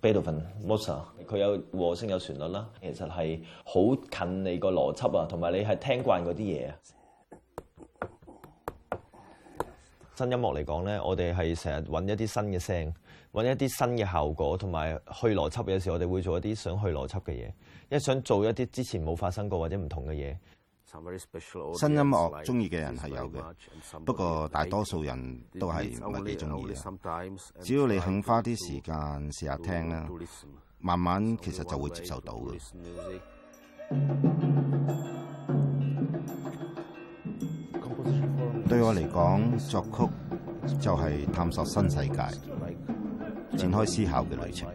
貝多芬、莫札特，佢有和聲有旋律啦。其實係好近你個邏輯啊，同埋你係聽慣嗰啲嘢啊。新音樂嚟講咧，我哋係成日揾一啲新嘅聲，揾一啲新嘅效果，同埋去邏輯，有時我哋會做一啲想去邏輯嘅嘢，因為想做一啲之前冇發生過或者唔同嘅嘢。新音樂中意嘅人係有嘅，不過大多數人都係唔係幾中意嘅。只要你肯花啲時間試下聽啦，慢慢其實就會接受到嘅。對我嚟講，作曲就係探索新世界、展開思考嘅旅程。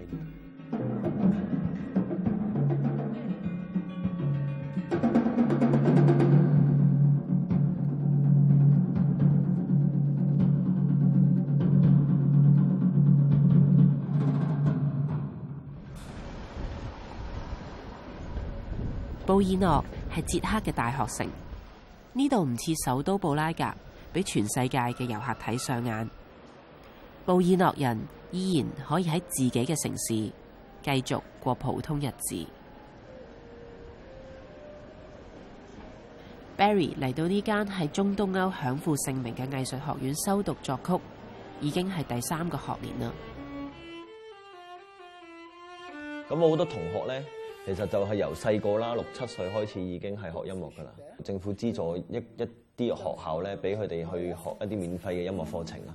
布爾諾係捷克嘅大學城，呢度唔似首都布拉格，俾全世界嘅遊客睇上眼。布爾諾人依然可以喺自己嘅城市繼續過普通日子。Barry 嚟到呢間喺中東歐享負盛名嘅藝術學院修讀作曲，已經係第三個學年啦。咁我好多同學咧，其實就係由細個啦，六七歲開始已經係學音樂噶啦。政府資助一一啲學校咧，俾佢哋去學一啲免費嘅音樂課程啊。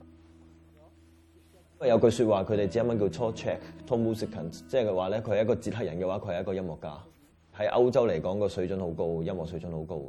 因、嗯、為、嗯、有句説話，佢哋只啱啱叫 t o 初 check，初 musician，即係佢話咧，佢係、就是、一個捷克人嘅話，佢係一個音樂家。喺歐洲嚟講，個水準好高，音樂水準好高嘅。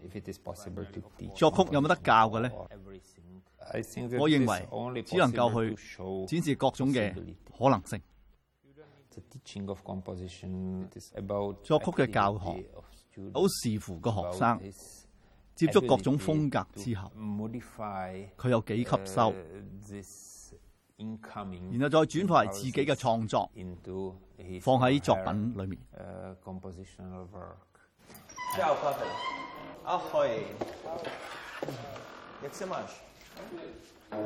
To... 作曲有冇得教嘅呢？我認為只能夠去展示各種嘅可能性。作曲嘅教學好視乎個學生接觸各種風格之後，佢有幾吸收，然後再轉化為自己嘅創作，放喺作品裏面。Uh, 啊，好！接下啲咩啊？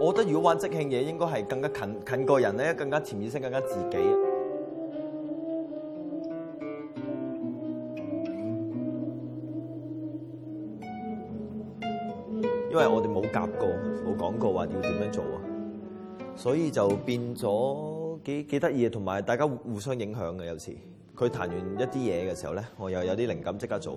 我覺得如果玩即興嘢，應該係更加近近個人咧，更加潛意識，更加自己。因為我哋冇夾過，冇講過話要點樣做啊，所以就變咗幾幾得意，同埋大家互相影響嘅有時，佢彈完一啲嘢嘅時候咧，我又有啲靈感即刻做。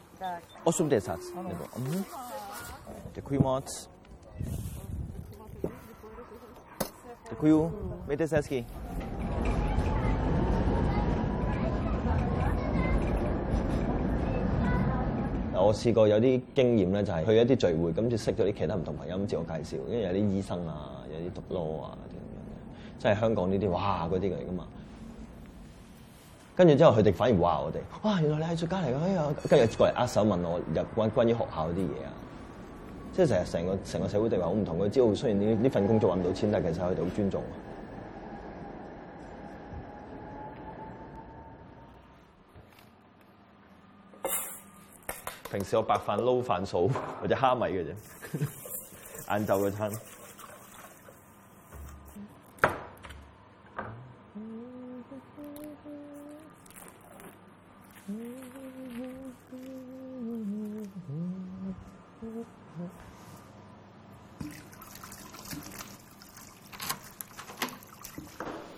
我做啲我試過有啲經驗咧，就係去一啲聚會，咁就識咗啲其他唔同朋友咁自我介紹，因為有啲醫生啊，有啲讀 law 啊，啲咁嘅，即係香港呢啲，哇！嗰啲嚟㗎嘛。跟住之後，佢哋反而話我哋，哇、啊！原來你係作家嚟㗎，哎呀，跟住過嚟握手問我入關關於學校啲嘢啊，即係成日成個成個社會地位好唔同嘅。之後雖然呢呢份工作揾唔到錢，但係其實佢哋好尊重。平時我白飯撈飯餚或者蝦米嘅啫，晏晝嘅餐。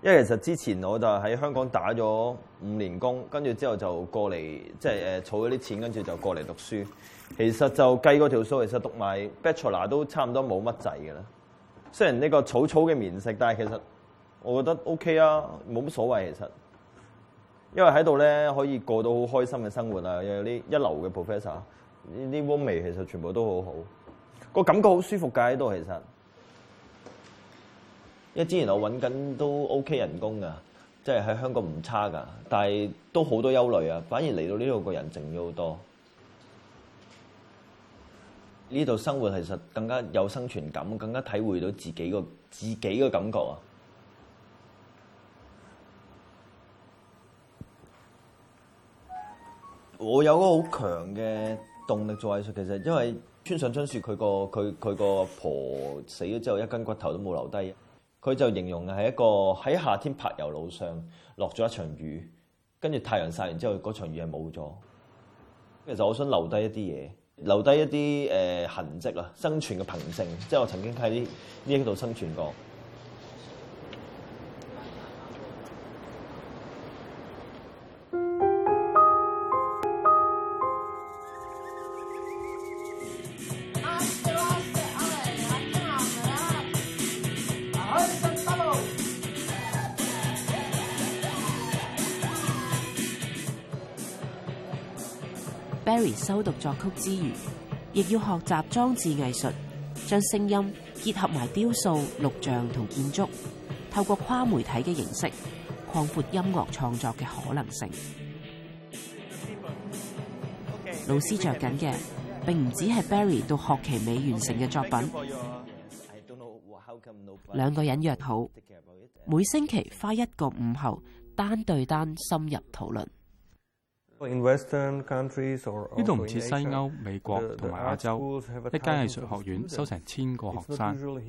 因為其實之前我就喺香港打咗五年工，跟住之後就過嚟，即係誒儲咗啲錢，跟住就過嚟讀書。其實就計嗰條數，其實讀埋 Bachelor 都差唔多冇乜滯嘅啦。雖然呢個草草嘅麵食，但係其實我覺得 OK 啊，冇乜所謂其實。因為喺度咧可以過到好開心嘅生活啊，又有啲一,一流嘅 professor，呢啲 roomie 其實全部都好好，個感覺好舒服㗎喺度其實。因之前我揾緊都 OK 人工㗎，即係喺香港唔差㗎，但係都好多憂慮啊。反而嚟到呢度個人靜咗好多，呢度生活其實更加有生存感，更加體會到自己個自己個感覺啊。我有一個好強嘅動力做藝術，其實因為村上春樹佢個佢佢個婆死咗之後，一根骨頭都冇留低。佢就形容嘅係一個喺夏天柏油路上落咗一場雨，跟住太陽晒完之後，嗰場雨係冇咗。其實我想留低一啲嘢，留低一啲誒痕跡啦，生存嘅憑證，即係我曾經喺呢一度生存過。Barry 修讀作曲之餘，亦要學習裝置藝術，將聲音結合埋雕塑、錄像同建築，透過跨媒體嘅形式，擴闊音樂創作嘅可能性。Okay, 老師着緊嘅，並唔止係 Barry 到學期尾完成嘅作品。Okay, you your... know, nobody... 兩個人約好，每星期花一個午後，單對單深入討論。呢度唔似西歐、美國同埋亞洲，一間藝術學院收成千個學生。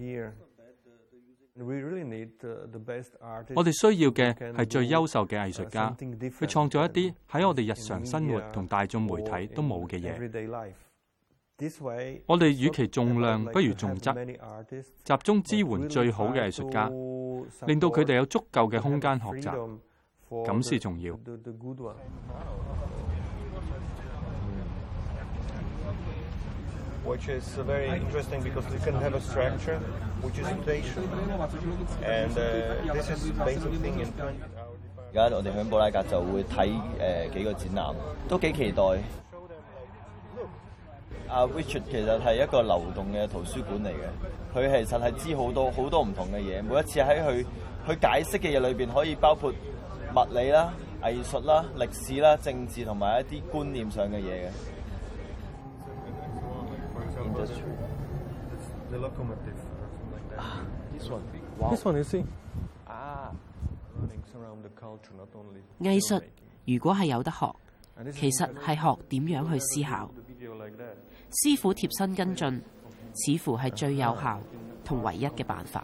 我哋需要嘅係最優秀嘅藝術家，去創造一啲喺我哋日常生活同大眾媒體都冇嘅嘢。我哋與其重量，不如重質，集中支援最好嘅藝術家，令到佢哋有足夠嘅空間學習。咁是重要。而家我哋喺布拉格就會睇誒、uh, 幾個展覽，都幾期待。阿、uh, Richard 其實係一個流動嘅圖書館嚟嘅，佢其實係知好多好多唔同嘅嘢。每一次喺佢佢解釋嘅嘢裏面，可以包括。物理啦、藝術啦、歷史啦、政治同埋一啲觀念上嘅嘢嘅。t h 藝術如果係有得學，其實係學點樣去思考。師傅貼身跟進，似乎係最有效同唯一嘅辦法。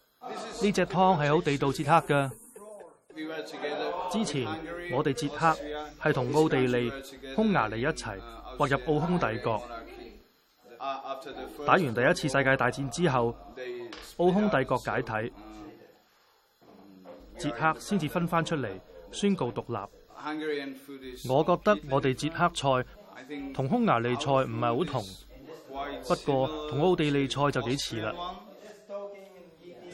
呢隻湯係好地道捷克㗎。之前我哋捷克係同奧地利、匈牙利一齊劃入奧匈帝國。打完第一次世界大戰之後，奧匈帝國解體，捷克先至分返出嚟，宣告獨立。我覺得我哋捷克菜同匈牙利菜唔係好同，不過同奧地利菜就幾似啦。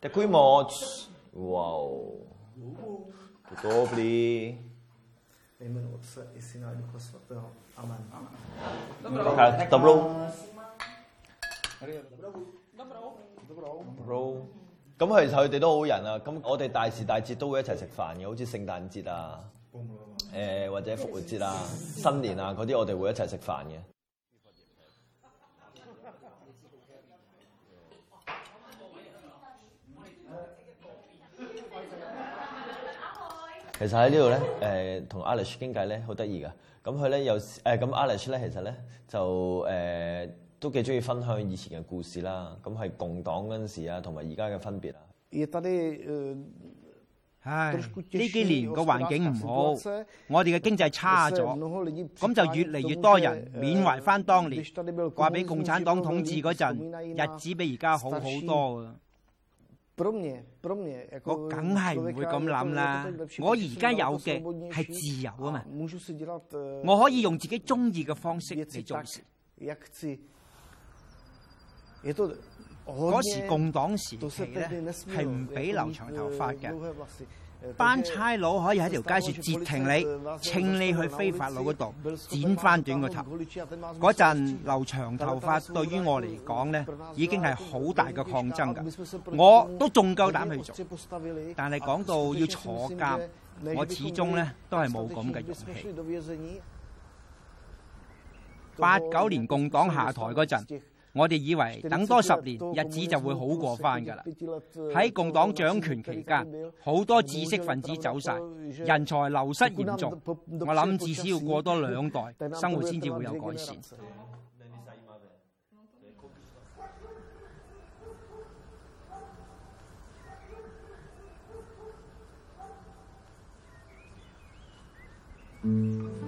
得佢 much，哇哦，都多啲。我依家都識咗啲新朋友，希望大家多啲認識。Double，double，double，double，double，咁其實佢哋都好人啊。咁我哋大時大節都會一齊食飯嘅，好似聖誕節啊，呃、或者復活節啊、新年啊嗰啲，我哋會一齊食飯嘅。其實喺呢度咧，誒同 Alex 傾偈咧，好得意噶。咁佢咧又誒，咁 Alex 咧其實咧就誒、呃、都幾中意分享以前嘅故事啦。咁係共黨嗰陣時啊，同埋而家嘅分別啊。唉，呢幾年個環境唔好，我哋嘅經濟差咗，咁就越嚟越多人緬懷翻當年，話俾共產黨統治嗰陣日子比而家好好多㗎。我梗係唔會咁諗啦！我而家有嘅係自由啊嘛，我可以用自己中意嘅方式嚟做事。嗰時共黨時期咧，係唔俾留長頭髮嘅。班差佬可以喺條街樹截停你，請你去非法佬嗰度剪翻短個頭。嗰陣留長頭髮對於我嚟講咧，已經係好大嘅抗爭㗎，我都仲夠膽去做。但係講到要坐監，我始終咧都係冇咁嘅勇氣。八九年共黨下台嗰陣。我哋以為等多十年日子就會好過翻㗎啦！喺共黨掌權期間，好多知識分子走晒，人才流失嚴重。我諗至少要過多兩代，生活先至會有改善。嗯。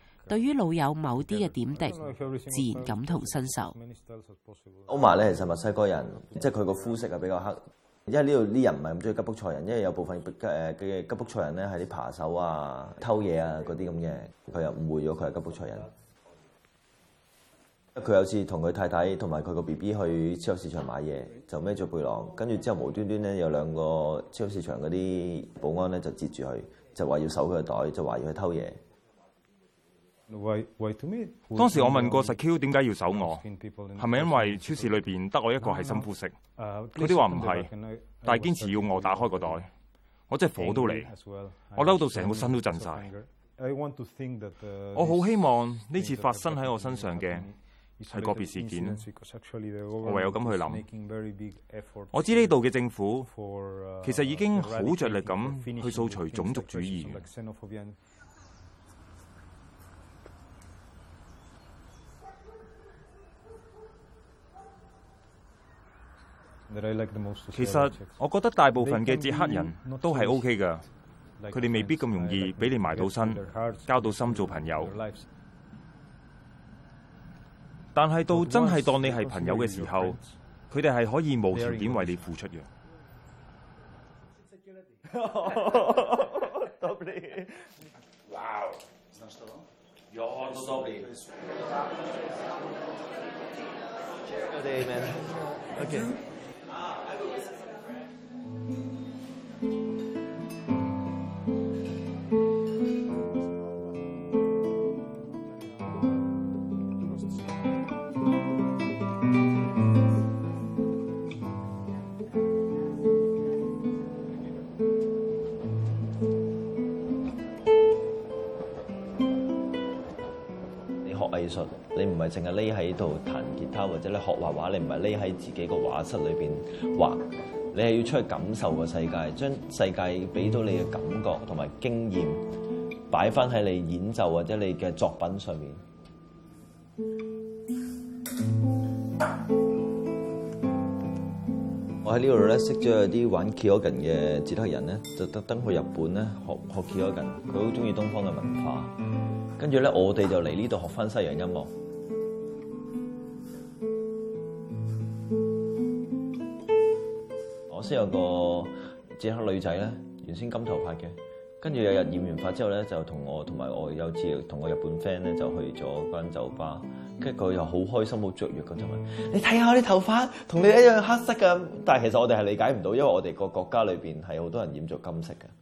對於老友某啲嘅點滴，自然感同身受。奧麻咧，其實墨西哥人，即係佢個膚色係比較黑，因為呢度啲人唔係咁中意吉卜賽人，因為有部分吉嘅吉卜賽人咧係啲扒手啊、偷嘢啊嗰啲咁嘅，佢又誤會咗佢係吉卜賽人。佢有次同佢太太同埋佢個 B B 去超級市場買嘢，就孭咗背囊，跟住之後無端端咧有兩個超級市場嗰啲保安咧就截住佢，就話要搜佢個袋，就話要佢偷嘢。當時我問過實 Q 點解要搜我，係咪因為超市裏邊得我一個係深膚色？佢哋話唔係，但係堅持要我打開個袋，我真係火都嚟，我嬲到成個身都震晒。我好希望呢次發生喺我身上嘅係個別事件，我唯有咁去諗。我知呢度嘅政府其實已經好着力咁去掃除種族主義。其實我覺得大部分嘅捷克人都係 OK 㗎，佢哋未必咁容易俾你埋到身，交到心做朋友。但係到真係當你係朋友嘅時候，佢哋係可以無條件為你付出嘅。 匿喺度彈吉他，或者你學畫畫，你唔係匿喺自己個畫室裏邊畫，你係要出去感受個世界，將世界俾到你嘅感覺同埋經驗擺翻喺你演奏或者你嘅作品上面。 我喺呢度咧識咗有啲玩 keyboard 嘅捷克人咧，就特登去日本咧學學 keyboard。佢好中意東方嘅文化，跟住咧我哋就嚟呢度學翻西洋音樂。之後個捷克女仔咧，原先金頭髮嘅，跟住有日染完髮之後咧，就同我同埋我有次同我日本 friend 咧，就去咗間酒吧，跟住佢又好開心好雀躍咁就問：你睇下我啲頭髮同你一樣黑色㗎？但係其實我哋係理解唔到，因為我哋個國家裏邊係好多人染咗金色嘅。